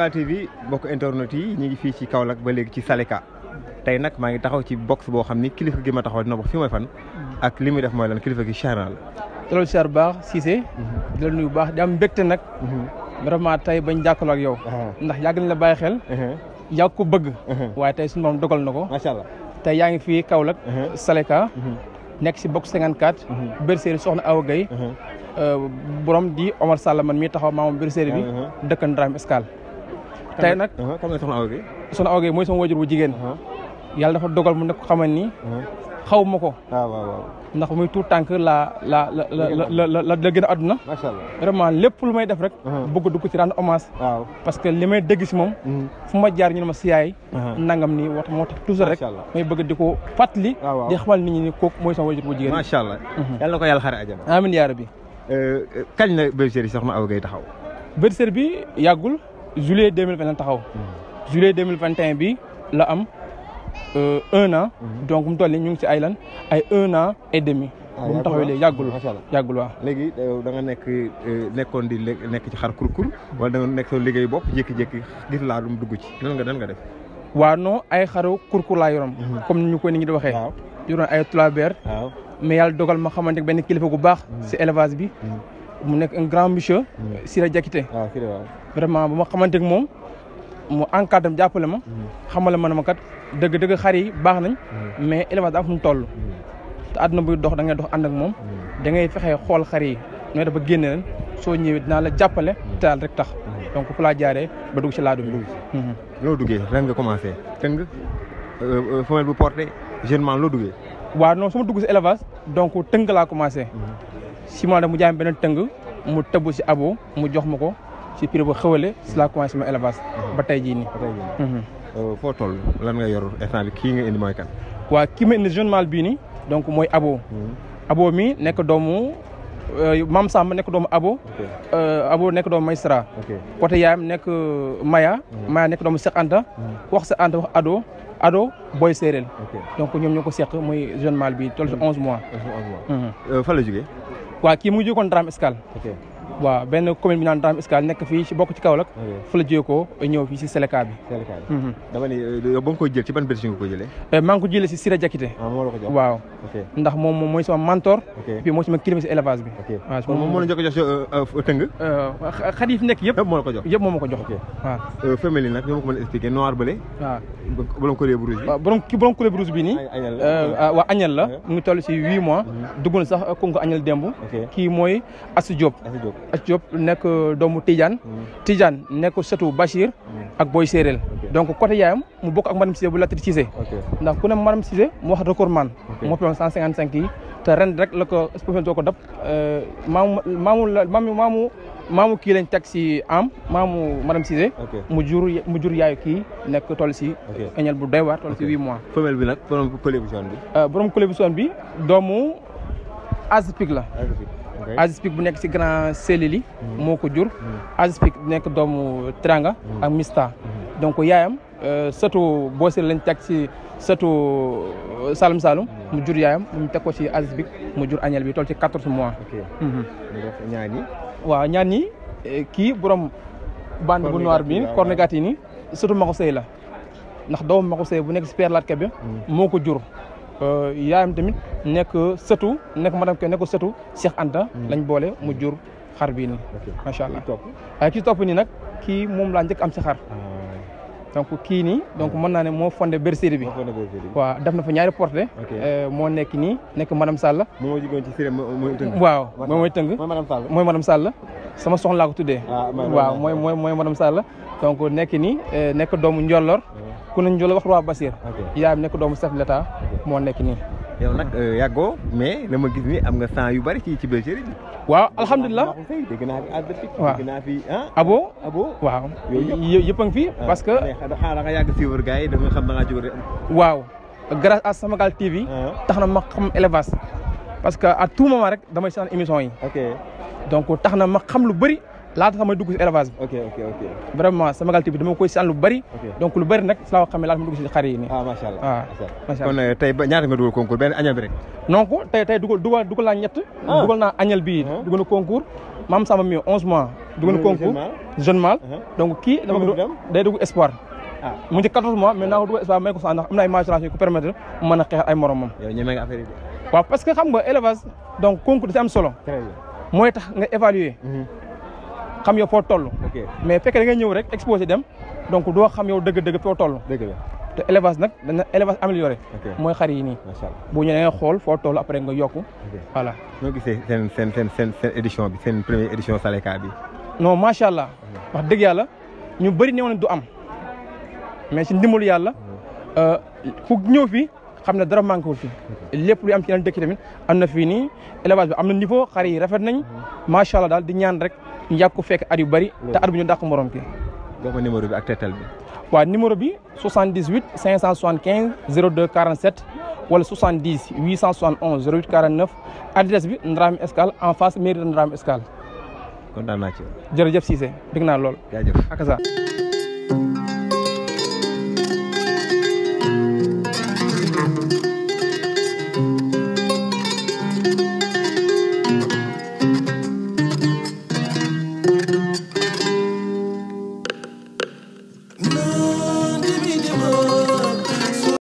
Louga TV yi ñu ngi fii ci Kaolack ba léegi ci Salika tey nag maa ngi taxaw ci box boo xam ni kilifa gi ma taxaw dina wax fi mooy fan. ak li muy def gi charal. loolu si bu baax Cissé. Mhm. di bu baax di am mbégte nag. Mhm. vraiment tey bañ jàkkaarloo ak yow. Ah. ndax yàgg nañ la bàyyi xel. Mhm. yàgg ko bëgg. waaye tey suñu moom na ko. macha allah tey yaa ngi fii Kaolack. Salika. nekk si box 54. bergerie soxna Awa Gueye. Euh, borom di Omar Sall man mii taxaw maamu bergerie bi. dëkk Ndram Escale. tey nag kan uh-huh. la soxna Awa Gueye soxna Awa Gueye mooy sama wajur bu jigéen uh-huh. yàlla dafa dogal mu nekk xaman ni uh-huh. xaw ma ko ah, waaw waaw ndax muy tout tànk la la la la la la gën a àdduna macha allah vraiment lépp lu may def rek bëgg dugg ci rendre hommage waaw parce que li may dégg si moom mm-hmm. fu ma jaar ñu ma siyaay nangam nii wax moo tax toujours rek may bëgg di ko fàttali ah, di xamal nit ñi ni kook mooy sama wajur bu jigéen macha allah mm-hmm. yàlla na ko yàlla xare ajana amiin yaa euh, euh, kañ la bergerie soxna Awa Gueye taxaw bi yàggul juillet 2021. Hmm. juillet 2021, euh, un an. Hmm. donc ñu un an et demi. Ah, mu yagul nous ah, euh, da nga nekk euh, nekk ci xar kurkur. wala da nga nekk nous que nous gis dum dugg ci nga nga def. non ay hmm. comme ñu ko ni ngi di ay mais yalla dogal ma xamante nous kilifa gu nous ci élevage bi. mu un grand monsieur. vraiment bu xamanté ak mom mu encadre jàppale ma. Hmm. xamal ma ne ma kat deug deug xar yi baax nañ. Hmm. mais élevage am fu tollu toll. Hmm. te bu dox da ngay dox and ak mom da ngay fexé xol xar yi nooy dafa génné so soo na la jappalé taal rek tax donc fu la jaaree ba dug ci laadum bi. lo duggé ren nga commencé euh, euh femelle bu porté jeune lo duggé wa non su dugg ci élevage donc teng la commencé. ci mois de mu jaam benen teng mu tebbu ci abo mu jox mako ci prix bu xëwale si laa commencé ma élevage ba tey jii nii mhm. euh, foo toll lan nga yor instant bi kii nga indi mooy kan waaw kii ma indi nii donc mooy abo mhm. abo mi nekk doomu euh, mam Samb nekk doomu abo euh, abo nekk doomu Maysra côté yaayam nekk maya mhm. maya nekk doomu Seex Anta wax Seex Anta wax ado ado booy séeréel donc ñoom ñoo ko seq muy jeune mâle bi toll si onze mois onze la jógee waaw kii mu ngi jógoon Dram Escale waaw benn commune bi naan Dame Escale nekk fii ci bokk ci kaw Kaolack. fa la jiyee ko ñëw fii si Seleka bi. Seleka mhm. dama ni euh, ba nga koy jël ci ban bés nga ko jëlee. Euh, maa ngi ko jëlee si Sira Jakite. Ah, moo waaw. ndax moom mooy sama mentor. ok puis moo ci ma si élevage bi. moom moo la jox euh, tëng. xar yi fi nekk yëpp. yëpp moo ko jox yëpp moo ko jox. ok nag ñoo ma ko mën a expliqué noir bële. waaw borom couleur bu rouge bi. waaw nii. waa añal la ah, mu ngi toll si huit mois. Mhm. dugg sax ku nga añal démb. kii mooy Asu Diop Ass Diop nekk doomu Tidiane. Hmm. Tidiane nekk sëtu Bachir. ak Boy Séeréel. donc côté yaayam mu bokk ak madame Cissé bu Latir Cissé. ndax ku ne madame Cissé moo wax record man. moo fi woon 155 yi te ren rek la ko spécial doo ko dab. Euh, maamu maamu la maamu maamu maamu kii lañ teg si am maamu madame Cissé. mu jur mu jur yaayu kii nekk toll si. añal bu doy waar toll si huit mois. femelle bi nag borom collée bu jaune bi. Euh, borom collée bi doomu Aspic la. Aziz bu nekk si grand Selili mm-hmm. moo ko jur mm-hmm. Aziz bu nekk doomu Teranga mm-hmm. ak Mista donc yaayam euh, sëtu Bossir lañ teg si sëtu salum euh, Saloum mu jur yaayam mu teg ko si Aziz bi mu jur añel bi toll ci quatorze mois ñaan yi waaw ñaan yi euh, kii borom bande bu noir bi Kornegati ni sëtu Mako Sey la ndax doomu Mako Sey bu nekk si Père Latka bi mm. moo ko jur Euh, yaayam tamit nekk sëtu nekk madame ke nekk sëtu Cheikh Anta hmm. lañ boole mu jur xar bii nii macha allah waaye ki topp nii nag kii moom laa njëkk am si xar ah, donc kii nii donc mën naa ne moo fonde bergerie bi waaw def na fa ñaari porté euh, moo nekk nii nekk madame Sall waaw moom mooy tëng mooy madame Sall sama soxna laa ko tuddee ah, waaw mooy mooy mooy madame Sall donc nekk nii euh, nekk doomu njolloor ku ne njolloor wax roi Basir yaayam nekk doomu chef de l'État moo nekk nii. yow nag euh, yàggoo mais dama gis ni am nga sang yu bari ci ci bergerie bi. waaw alhamdulilah dégg naa waaw dégg ah. abo waaw. yooyu yëpp a ngi fi ah, parce que. xaaral da nga yàgg suivre gars yi da nga xam da ngaa ci war waaw grâce à Samagal TV. Ah. tax na ma xam élevage. parce que à tout moment rek damay seen émission yi. ok donc tax na ma xam lu bëri. laata sama may dugg si élevage oke ok ok ok vraiment sama galti bi dama koy saan lu bari. donc lu bari nag si laa ko xamee laata ma dugg si xar yi ah masya ah, allah macha allah kon euh, tey ba ñaata nga dugal concours benn añal bi rek. donc tey tey dugal dugal dugal naa ñett. Ah. dugal naa añal bii. Ah. dugal na concours sama mi 11 mois. dugal na concours jeune mâle. donc kii dama ko day dugg espoir. ah mu ngi 14 mois maintenant espoir may ko sax ndax am na ay maturation yu ko permettre mu mën a xeexal ay moromam. yow kamu nga affaire yi. di parce que xam nga élevage donc concours dafa am solo. très bien mooy tax nga évaluer. Mhm. xam yow foo toll. mais fekkee da ngay ñëw rek exposé dem donc doo xam yow dëgg-dëgg foo toll. te élevage nag dana élevage amélioré. mooy xar yi nii. macha allah bu ñu nee xool foo toll après nga yokk voilà noo gisee seen seen seen seen seen bi seen première édition Saleka bi. non macha allah. wax dëgg yàlla ñu bëri ne woon du am mais si ndimbalu yàlla euh, ku ñëw fi xam ne dara manqué wul fi lépp luy am ci yeneen dëkk tamit am na fii nii élevage bi am na niveau xar yi rafet nañ mhm. macha allah daal di ñaan rek. ñu yàgg fekk at yu bëri. te at bu ñu dàq morom ki boo ma numéro bi ak tegtal bi. waaw numéro bi 78 575 02 47 wala 70 871 08 49 adresse bi Ndramé Escale en face mairie de Ndramé Escale. kontaan naa ci. jërëjëf Cissé dégg naa lool. jaajëf